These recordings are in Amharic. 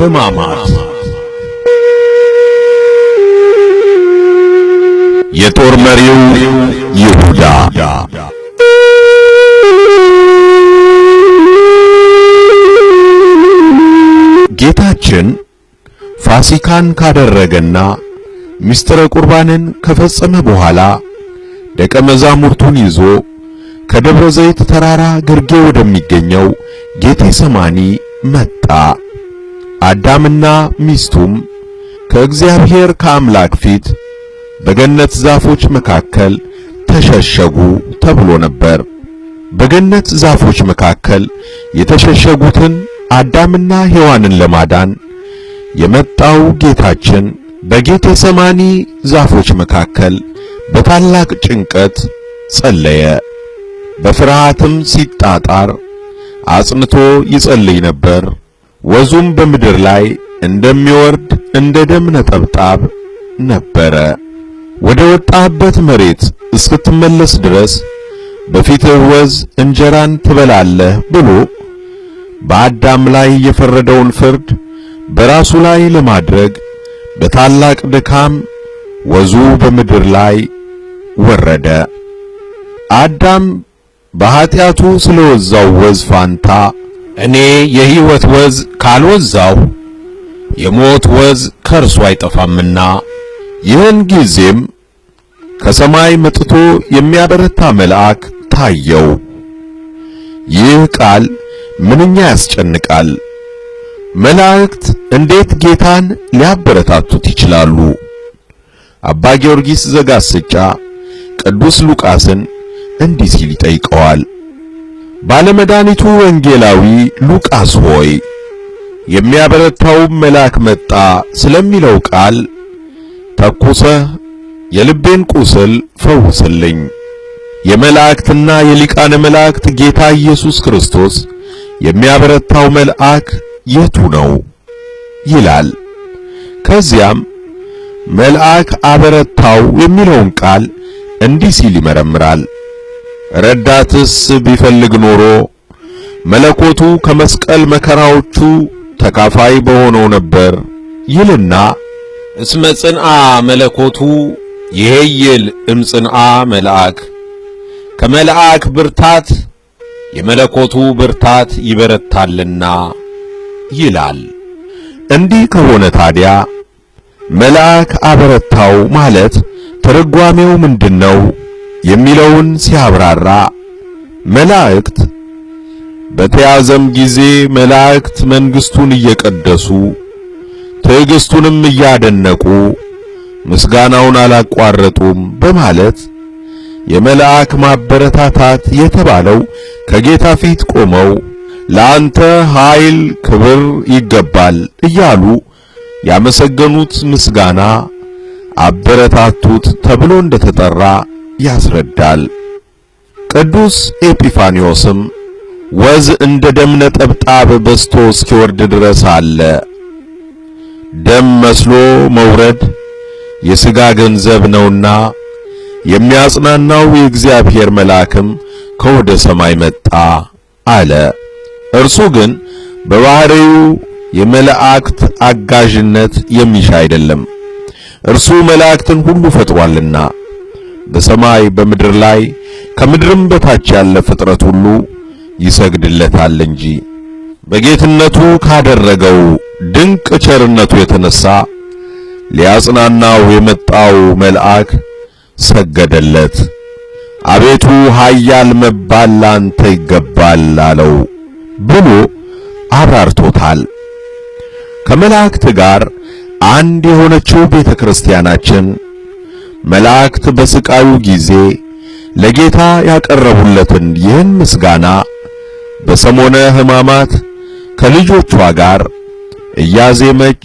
ህማማት የጦር መሪው ይሁዳ ጌታችን ፋሲካን ካደረገና ምስጢረ ቁርባንን ከፈጸመ በኋላ ደቀ መዛሙርቱን ይዞ ከደብረ ዘይት ተራራ ግርጌ ወደሚገኘው ጌቴ ሰማኒ መጣ። አዳምና ሚስቱም ከእግዚአብሔር ከአምላክ ፊት በገነት ዛፎች መካከል ተሸሸጉ ተብሎ ነበር። በገነት ዛፎች መካከል የተሸሸጉትን አዳምና ሔዋንን ለማዳን የመጣው ጌታችን በጌቴ ሰማኒ ዛፎች መካከል በታላቅ ጭንቀት ጸለየ። በፍርሃትም ሲጣጣር አጽንቶ ይጸልይ ነበር። ወዙም በምድር ላይ እንደሚወርድ እንደ ደም ነጠብጣብ ነበረ። ወደ ወጣህበት መሬት እስክትመለስ ድረስ በፊትህ ወዝ እንጀራን ትበላለህ ብሎ በአዳም ላይ የፈረደውን ፍርድ በራሱ ላይ ለማድረግ በታላቅ ድካም ወዙ በምድር ላይ ወረደ። አዳም በኀጢአቱ ስለወዛው ወዝ ፋንታ እኔ የሕይወት ወዝ ካልወዛሁ የሞት ወዝ ከእርሱ አይጠፋምና። ይህን ጊዜም ከሰማይ መጥቶ የሚያበረታ መልአክ ታየው። ይህ ቃል ምንኛ ያስጨንቃል! መላእክት እንዴት ጌታን ሊያበረታቱት ይችላሉ? አባ ጊዮርጊስ ዘጋስጫ ቅዱስ ሉቃስን እንዲህ ሲል ይጠይቀዋል። ባለመድኃኒቱ ወንጌላዊ ሉቃስ ሆይ የሚያበረታው መልአክ መጣ ስለሚለው ቃል ተኩሰህ የልቤን ቁስል ፈውስልኝ። የመላእክትና የሊቃነ መላእክት ጌታ ኢየሱስ ክርስቶስ የሚያበረታው መልአክ የቱ ነው ይላል። ከዚያም መልአክ አበረታው የሚለውን ቃል እንዲህ ሲል ይመረምራል። ረዳትስ ቢፈልግ ኖሮ መለኮቱ ከመስቀል መከራዎቹ ተካፋይ በሆነው ነበር ይልና እስመ ጽንአ መለኮቱ ይሄይል እምጽንአ መልአክ ከመልአክ ብርታት የመለኮቱ ብርታት ይበረታልና ይላል። እንዲህ ከሆነ ታዲያ መልአክ አበረታው ማለት ትርጓሜው ምንድነው? የሚለውን ሲያብራራ መላእክት በተያዘም ጊዜ መላእክት መንግስቱን እየቀደሱ ትዕግስቱንም እያደነቁ ምስጋናውን አላቋረጡም በማለት የመልአክ ማበረታታት የተባለው ከጌታ ፊት ቆመው ለአንተ ኃይል፣ ክብር ይገባል እያሉ ያመሰገኑት ምስጋና አበረታቱት ተብሎ እንደተጠራ ያስረዳል። ቅዱስ ኤጲፋንዮስም ወዝ እንደ ደም ነጠብጣብ በስቶ እስኪወርድ ድረስ አለ። ደም መስሎ መውረድ የሥጋ ገንዘብ ነውና የሚያጽናናው የእግዚአብሔር መልአክም ከወደ ሰማይ መጣ አለ። እርሱ ግን በባህሪው የመላእክት አጋዥነት የሚሻ አይደለም። እርሱ መላእክትን ሁሉ ፈጥሯልና በሰማይ በምድር ላይ ከምድርም በታች ያለ ፍጥረት ሁሉ ይሰግድለታል እንጂ በጌትነቱ ካደረገው ድንቅ ቸርነቱ የተነሳ ሊያጽናናው የመጣው መልአክ ሰገደለት። አቤቱ ኃያል መባል ላንተ ይገባል አለው ብሎ አብራርቶታል። ከመላእክት ጋር አንድ የሆነችው ቤተ ክርስቲያናችን መላእክት በስቃዩ ጊዜ ለጌታ ያቀረቡለትን ይህን ምስጋና በሰሞነ ሕማማት ከልጆቿ ጋር እያዜመች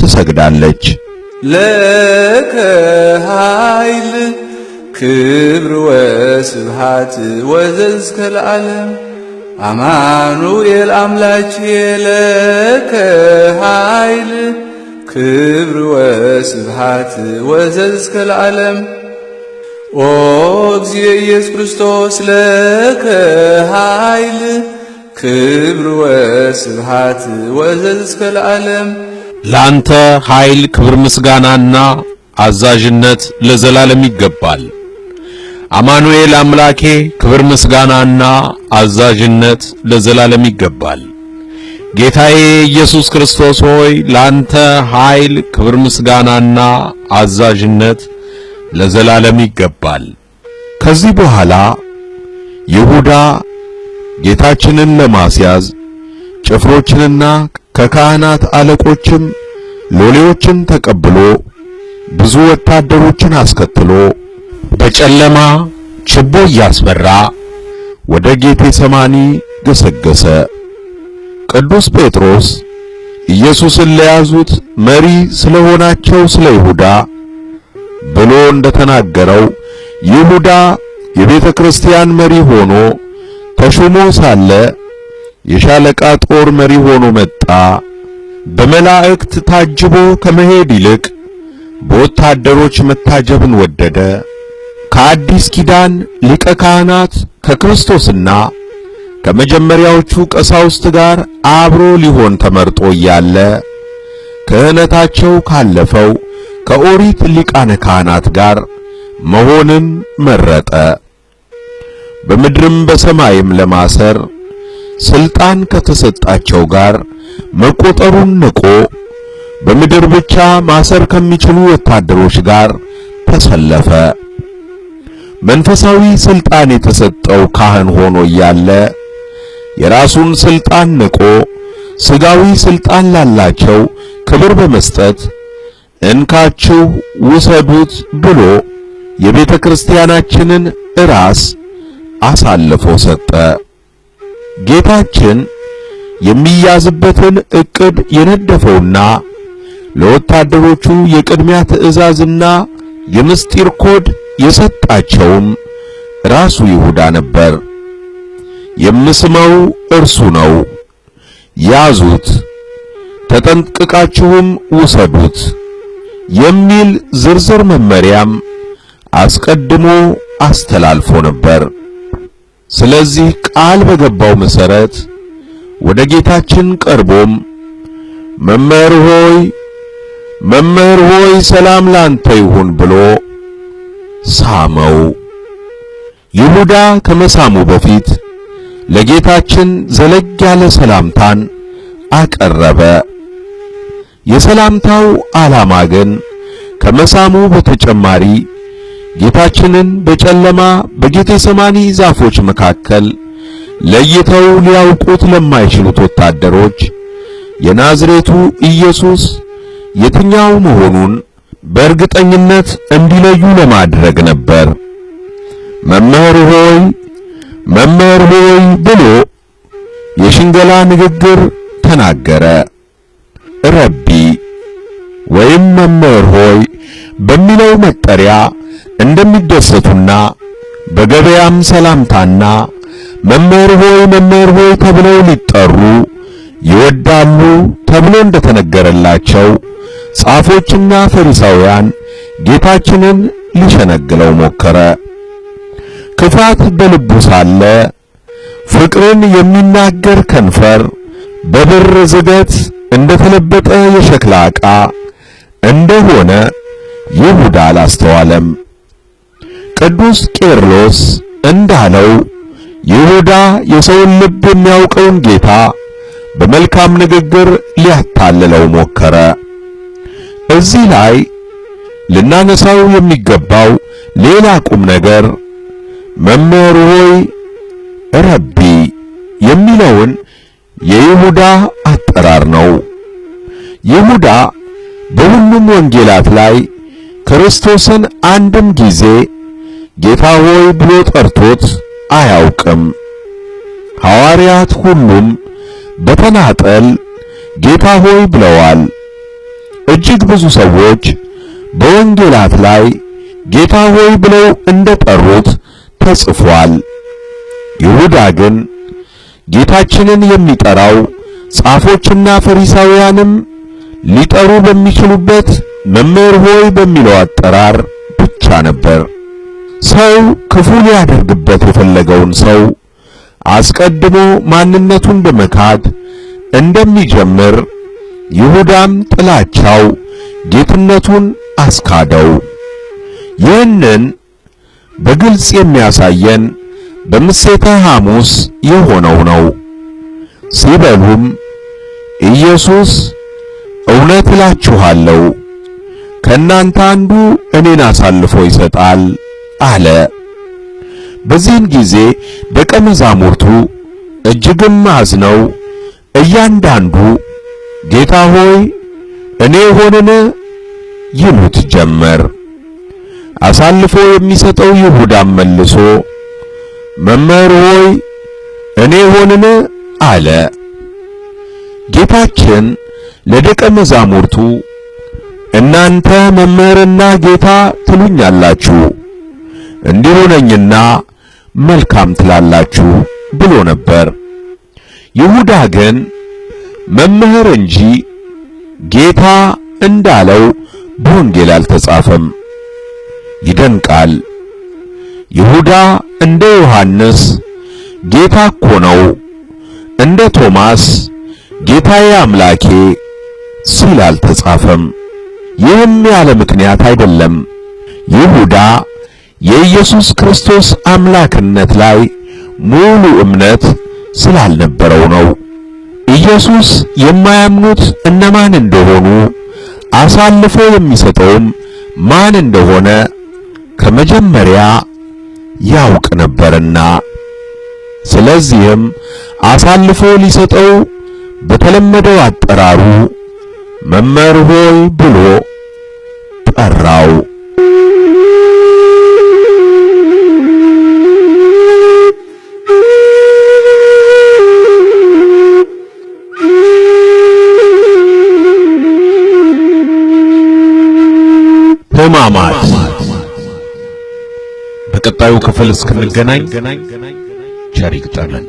ትሰግዳለች። ለከ ኃይል ክብር ወስብሃት ወዘዝከ ለዓለም አማኑኤል አምላች ለከ ኃይል ክብር ወስብሃት ወዘዝከ ለዓለም ኦ እግዚእ ኢየሱስ ክርስቶስ ለከ ኃይል ክብር ወስብሃት ወዘዝከ ለዓለም። ለአንተ ኃይል ክብር፣ ምስጋናና አዛዥነት ለዘላለም ይገባል። አማኑኤል አምላኬ ክብር ምስጋናና አዛዥነት ለዘላለም ይገባል። ጌታዬ ኢየሱስ ክርስቶስ ሆይ ላንተ ኃይል፣ ክብር፣ ምስጋናና አዛዥነት ለዘላለም ይገባል። ከዚህ በኋላ ይሁዳ ጌታችንን ለማስያዝ ጭፍሮችንና ከካህናት አለቆችም ሎሌዎችን ተቀብሎ ብዙ ወታደሮችን አስከትሎ በጨለማ ችቦ እያስፈራ ወደ ጌቴ ሰማኒ ገሰገሰ። ቅዱስ ጴጥሮስ ኢየሱስን ለያዙት መሪ ስለሆናቸው ስለ ይሁዳ ብሎ እንደተናገረው ይሁዳ የቤተ ክርስቲያን መሪ ሆኖ ተሹሞ ሳለ የሻለቃ ጦር መሪ ሆኖ መጣ። በመላእክት ታጅቦ ከመሄድ ይልቅ በወታደሮች መታጀብን ወደደ። ከአዲስ ኪዳን ሊቀ ካህናት ከክርስቶስና ከመጀመሪያዎቹ ቀሳውስት ጋር አብሮ ሊሆን ተመርጦ እያለ ክህነታቸው ካለፈው ከኦሪት ሊቃነ ካህናት ጋር መሆንን መረጠ። በምድርም በሰማይም ለማሰር ስልጣን ከተሰጣቸው ጋር መቆጠሩን ንቆ በምድር ብቻ ማሰር ከሚችሉ ወታደሮች ጋር ተሰለፈ። መንፈሳዊ ስልጣን የተሰጠው ካህን ሆኖ እያለ የራሱን ስልጣን ንቆ ስጋዊ ስልጣን ላላቸው ክብር በመስጠት እንካችሁ ውሰዱት ብሎ የቤተ ክርስቲያናችንን ራስ አሳልፎ ሰጠ። ጌታችን የሚያዝበትን እቅድ የነደፈውና ለወታደሮቹ የቅድሚያ ትእዛዝና የምስጢር ኮድ የሰጣቸውም ራሱ ይሁዳ ነበር። የምስመው እርሱ ነው። ያዙት ተጠንቅቃችሁም ውሰዱት የሚል ዝርዝር መመሪያም አስቀድሞ አስተላልፎ ነበር። ስለዚህ ቃል በገባው መሰረት ወደ ጌታችን ቀርቦም መምህር ሆይ መምህር ሆይ ሰላም ላንተ ይሁን ብሎ ሳመው። ይሁዳ ከመሳሙ በፊት ለጌታችን ዘለግ ያለ ሰላምታን አቀረበ። የሰላምታው ዓላማ ግን ከመሳሙ በተጨማሪ ጌታችንን በጨለማ በጌቴሰማኒ ዛፎች መካከል ለይተው ሊያውቁት ለማይችሉት ወታደሮች የናዝሬቱ ኢየሱስ የትኛው መሆኑን በእርግጠኝነት እንዲለዩ ለማድረግ ነበር። መምህር ሆይ መምህር ሆይ ብሎ የሽንገላ ንግግር ተናገረ። ረቢ ወይም መምህር ሆይ በሚለው መጠሪያ እንደሚደሰቱና በገበያም ሰላምታና መምህር ሆይ መምህር ሆይ ተብለው ሊጠሩ ይወዳሉ ተብሎ እንደተነገረላቸው ጻፎችና ፈሪሳውያን ጌታችንን ሊሸነግለው ሞከረ። ክፋት በልቡ ሳለ ፍቅርን የሚናገር ከንፈር በብር ዝገት እንደተለበጠ የሸክላ ዕቃ እንደሆነ ይሁዳ አላስተዋለም። ቅዱስ ቄርሎስ እንዳለው ይሁዳ የሰውን ልብ የሚያውቀውን ጌታ በመልካም ንግግር ሊያታልለው ሞከረ። እዚህ ላይ ልናነሳው የሚገባው ሌላ ቁም ነገር መምህር ሆይ ረቢ የሚለውን የይሁዳ አጠራር ነው። ይሁዳ በሁሉም ወንጌላት ላይ ክርስቶስን አንድም ጊዜ ጌታ ሆይ ብሎ ጠርቶት አያውቅም። ሐዋርያት ሁሉም በተናጠል ጌታ ሆይ ብለዋል። እጅግ ብዙ ሰዎች በወንጌላት ላይ ጌታ ሆይ ብለው እንደጠሩት ተጽፏል። ይሁዳ ግን ጌታችንን የሚጠራው ጻፎችና ፈሪሳውያንም ሊጠሩ በሚችሉበት መምህር ሆይ በሚለው አጠራር ብቻ ነበር። ሰው ክፉ ሊያደርግበት የፈለገውን ሰው አስቀድሞ ማንነቱን በመካድ እንደሚጀምር ይሁዳም ጥላቻው ጌትነቱን አስካደው። ይህንን በግልጽ የሚያሳየን በምሴተ ሐሙስ የሆነው ነው። ሲበሉም ኢየሱስ እውነት እላችኋለሁ ከእናንተ አንዱ እኔን አሳልፎ ይሰጣል አለ። በዚህን ጊዜ ደቀ መዛሙርቱ እጅግም አዝነው እያንዳንዱ ጌታ ሆይ እኔ ሆንን ይሉት ጀመር። አሳልፎ የሚሰጠው ይሁዳም መልሶ መምህር ሆይ እኔ ሆንን አለ። ጌታችን ለደቀ መዛሙርቱ እናንተ መምህርና ጌታ ትሉኛላችሁ እንዲሁ ነኝና መልካም ትላላችሁ ብሎ ነበር። ይሁዳ ግን መምህር እንጂ ጌታ እንዳለው በወንጌል አልተጻፈም። ይደንቃል። ይሁዳ እንደ ዮሐንስ ጌታ እኮ ነው፣ እንደ ቶማስ ጌታዬ አምላኬ ሲል አልተጻፈም። ይህም ያለ ምክንያት አይደለም። ይሁዳ የኢየሱስ ክርስቶስ አምላክነት ላይ ሙሉ እምነት ስላልነበረው ነው። ኢየሱስ የማያምኑት እነማን እንደሆኑ አሳልፎ የሚሰጠውም ማን እንደሆነ ከመጀመሪያ ያውቅ ነበርና ስለዚህም አሳልፎ ሊሰጠው በተለመደው አጠራሩ መምህር ሆይ ብሎ ጠራው። ሕማማት በቀጣዩ ክፍል እስክንገናኝ ቸር ይግጠመን።